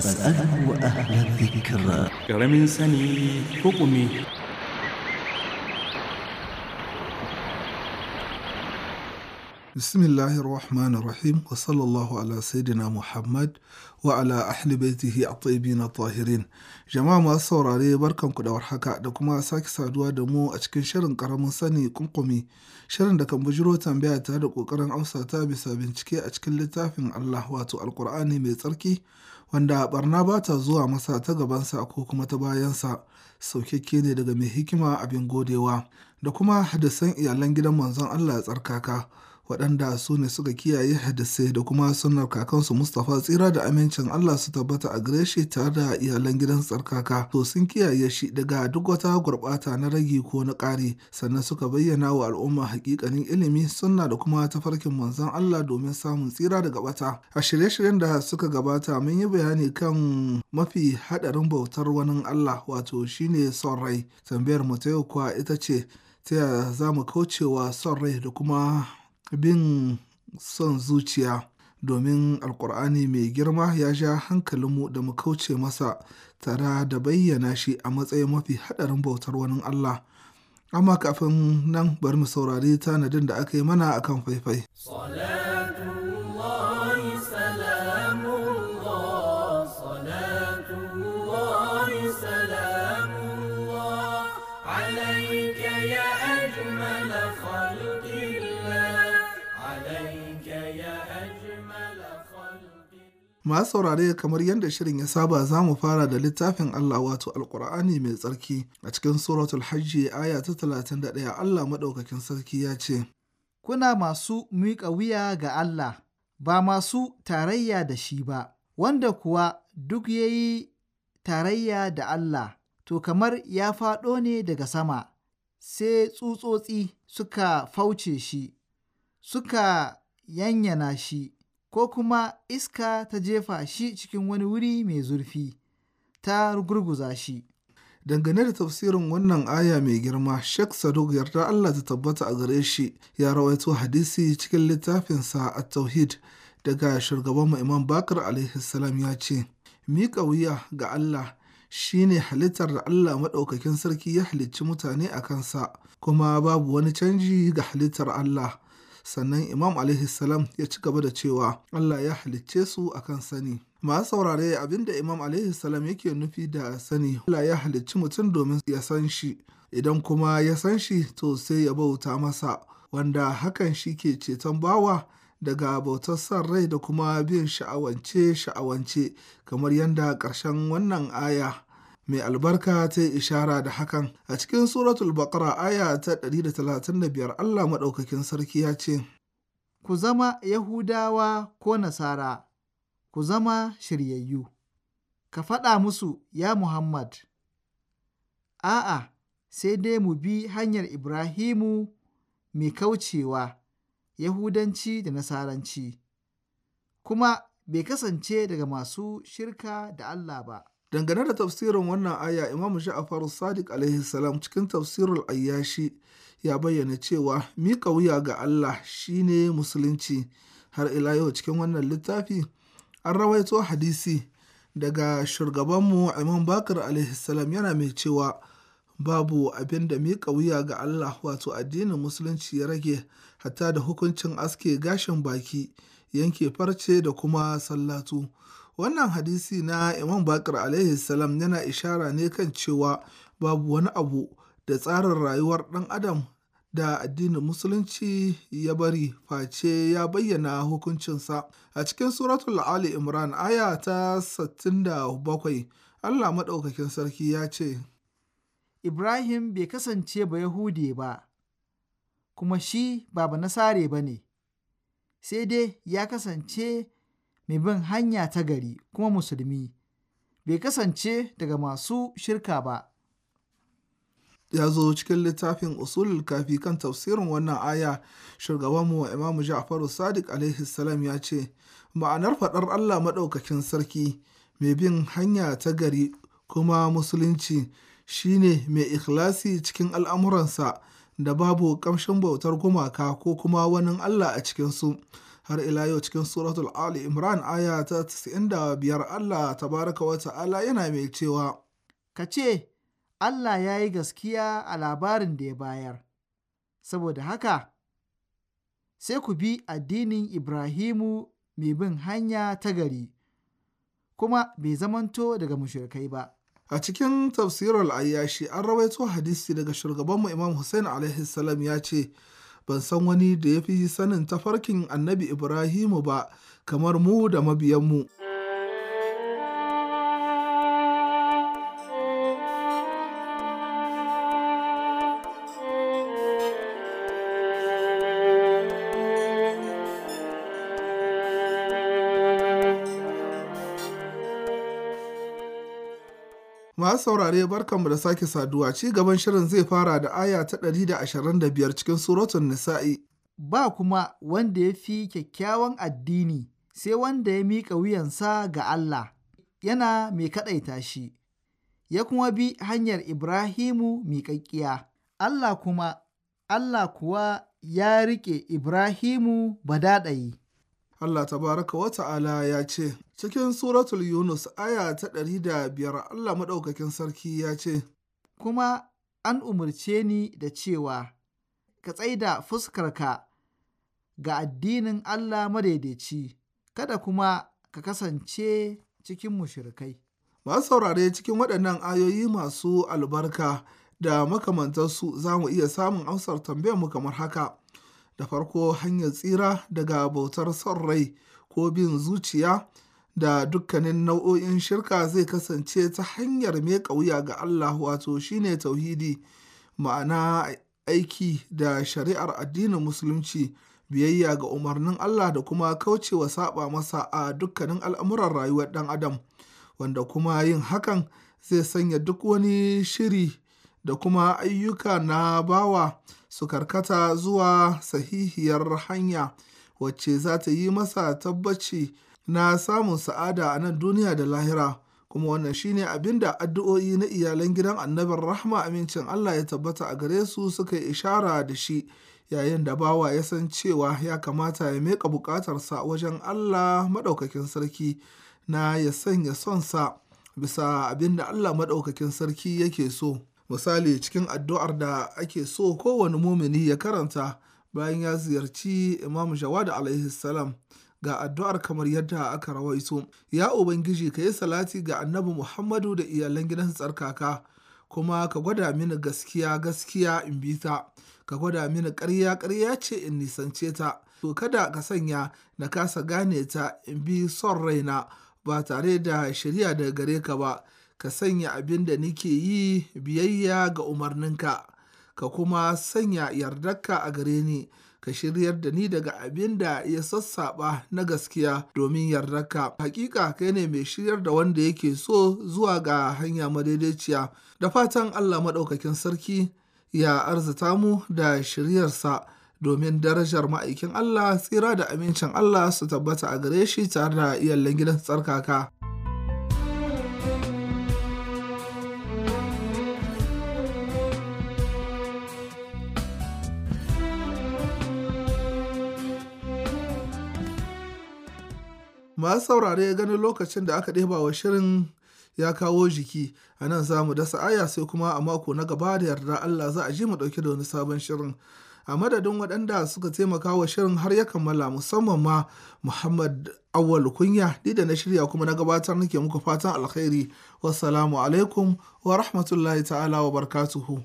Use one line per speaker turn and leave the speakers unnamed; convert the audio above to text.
فاسأله أهل الذكر كرم سني حكمه bismillahi rahmani rahim wa sallallahu ala sayyidina muhammad wa ala ahli baitihi at-tayyibin tahirin jama'a masu saurare barkan da warhaka da kuma sake saduwa da mu a cikin shirin karamin sani kunkumi shirin da kan bujiro tambaya ta da kokarin amsa ta bisa bincike a cikin littafin Allah wato alkur'ani mai tsarki wanda barna ba ta zuwa masa ta gabansa ko kuma ta bayansa saukakke ne daga mai hikima abin godewa da kuma hadisan iyalan gidan manzon Allah tsarkaka waɗanda su ne suka kiyaye hadisai da kuma sunnar kakansu Mustapha tsira da amincin Allah su tabbata a gare shi tare da iyalan gidan tsarkaka to sun kiyaye shi daga duk wata gurɓata na ragi ko na ƙari sannan suka bayyana wa al'umma hakikanin ilimi sunna da kuma tafarkin manzon Allah domin samun tsira daga bata a shirye-shiryen da suka gabata mun yi bayani kan mafi haɗarin bautar wani Allah wato shine son rai tambayar mu ta yau kuwa ita ce ta yaya za mu kaucewa son rai da kuma bin son zuciya domin alkur'ani mai girma ya ja hankalinmu da mu kauce masa tara da bayyana shi a matsayin mafi haɗarin bautar wani Allah. Amma kafin nan bari mu saurari tanadin da aka yi mana a kan faifai. Ma saurare kamar yadda shirin ya saba za mu fara da littafin Allah wato Alƙur'ani mai tsarki a cikin suratul hajji
aya ta 31 Allah maɗaukakin sarki ya ce, Kuna masu miƙa wuya ga Allah, ba masu tarayya da shi ba, wanda kuwa duk ya yi tarayya da Allah, to kamar ya faɗo ne daga sama, sai tsutsotsi suka fauce shi, suka yanyana shi. ko kuma iska ta jefa shi cikin wani wuri mai zurfi ta gurguza shi. Dangane da tafsirin wannan aya mai
girma, shek Saduk yarda Allah ta tabbata a gare shi ya rawaito hadisi cikin littafinsa a tauhid daga shugaban mu Imam Bakar alaihi ya ce, Miƙa wuya ga Allah shi ne halittar da Allah maɗaukakin sarki ya halicci mutane a kansa, kuma babu wani canji ga halittar Allah. sannan imam alaihi salam ya ci gaba da cewa allah ya halicce su akan sani masu saurare abinda imam alaihi salam yake nufi da sani allah ya halicci mutum domin ya san shi idan kuma ya san shi to sai ya bauta masa wanda hakan shi ke ceton bawa daga bautar san rai da kuma bin sha'awance sha'awance kamar yadda ƙarshen wannan aya mai albarka ta yi ishara da hakan a cikin suratul
baqara aya ta 135 Allah maɗaukakin sarki ya ce ku zama yahudawa ko nasara ku zama shiryayyu ka faɗa musu ya muhammad a'a sai dai mu bi hanyar ibrahimu mai kaucewa yahudanci da nasaranci kuma bai kasance daga masu shirka da Allah ba
dangane da tafsirin wannan aya imamu sha'afaru sadiq alaihi cikin tafsirul ayyashi ya bayyana cewa miƙa wuya ga allah shine musulunci har ila yau cikin wannan littafi an rawaito hadisi daga shugabanmu imam bakar alaihi yana mai cewa babu abin da miƙa wuya ga allah wato addinin musulunci ya rage hatta da hukuncin aske gashin baki yanke farce da kuma sallatu Wannan hadisi na Imam Bakar alaihi salam yana ishara ne kan cewa babu wani abu da tsarin rayuwar ɗan adam da addinin musulunci ya bari face ya bayyana hukuncinsa. A cikin suratul Ali Imran aya ta 67
Allah maɗaukakin sarki ya ce, Ibrahim bai kasance ba Yahude ba, kuma shi ba ba nasare ba ne, sai dai ya kasance mai bin hanya ta gari kuma musulmi bai kasance daga masu shirka ba ya zo
cikin littafin usulul kafi kan tafsirin wannan aya shugabanmu imamu ja'faru sadiq alaihi salam ya ce ma'anar faɗar allah maɗaukakin sarki mai bin hanya ta gari kuma musulunci shine mai ikhlasi cikin al'amuransa da babu ƙamshin bautar gumaka ko kuma wani allah a cikinsu har ila yau cikin suratul ali imran aya ta biyar allah tabaraka
wa ta'ala yana mai cewa ka ce allah ya yi gaskiya a labarin da ya bayar saboda haka sai ku bi addinin ibrahimu mai bin hanya ta gari kuma bai zamanto daga mushrikai ba a cikin tafsirar ayyashi an rawaito hadisi daga
shugabanmu imam hussein alaihi salam ya ce ban san wani da ya fi sanin tafarkin annabi Ibrahimu ba kamar mu da mabiyanmu. Masu saurare barkanmu da sake saduwa ci gaban shirin zai fara
da aya ta ɗari da da ashirin biyar cikin suratun nisa'i. Ba kuma wanda ya fi kyakkyawan addini sai wanda ya miƙa wuyansa ga Allah yana mai kaɗaita shi, ya kuma bi hanyar Ibrahimu miƙaƙƙiya. Allah kuma, Allah kuwa ya riƙe Ibrahimu badaɗayi. Allah tabaraka wa ta'ala ya ce, Cikin suratul Yunus aya ta ɗari da biyar Allah maɗaukakin sarki ya ce, Kuma an umarce ni da cewa, Ka tsaida fuskarka ga addinin Allah madaidaici, kada kuma ka kasance cikin mushirikai. Ba saurare cikin waɗannan ayoyi masu albarka da makamantarsu
za mu iya samun amsar tambayar mu kamar haka. da farko hanyar tsira daga bautar son rai ko bin zuciya da dukkanin nau'o'in shirka zai kasance ta hanyar mai wuya ga Allah wato shine tauhidi ma'ana aiki da shari'ar addinin musulunci biyayya ga umarnin Allah da kuma kaucewa saba masa a dukkanin al'amuran rayuwar ɗan adam wanda kuma yin hakan zai sanya duk wani shiri da kuma ayyuka na bawa su karkata zuwa sahihiyar hanya wacce za ta yi masa tabbaci na samun sa'ada a nan duniya da lahira kuma wannan shine abin da addu'o'i na iyalan gidan annabin rahma amincin Allah ya tabbata a gare su suka ishara da shi yayin da bawa ya san cewa ya kamata ya meka bukatarsa wajen Allah maɗaukakin sarki na ya sanya sonsa bisa abin da Allah maɗaukakin sarki yake so. misali cikin addu'ar da ake so kowane mumini ya karanta bayan ya ziyarci imam shawada alaihi salam ga addu'ar kamar yadda aka rawaito ya ubangiji ka yi salati ga annabi muhammadu da iyalan gidan tsarkaka kuma ka gwada mini gaskiya gaskiya in bi ta ka gwada mini karya karya ce in nisance ta to kada ka sanya na kasa gane ta in bi son raina ba tare da shirya daga gare ka ba ka sanya abin da nike yi biyayya ga umarninka, ka kuma sanya yardarka a gare ni, ka shiryar da ni daga abin da ya sassaɓa na gaskiya domin yardarka. Hakika kai ne mai shiryar da wanda yake so zuwa ga hanya madaidaiciya, da fatan Allah Maɗaukakin Sarki ya arzita mu da shiryarsa. domin darajar ma'aikin Allah tsira da amincin Allah su tabbata a gare shi tare da iyallen gidan tsarkaka. masu saurare ganin lokacin da aka ɗeba wa shirin ya kawo jiki a nan za mu dasa aya sai kuma a mako na gaba da yarda Allah za a ji mu ɗauki da wani sabon shirin a madadin waɗanda suka taimaka wa shirin har ya kammala musamman ma Muhammad Awwal Kunya ni da na shirya kuma na gabatar nake muku fatan alkhairi wassalamu alaikum wa rahmatullahi ta'ala wa barkatuhu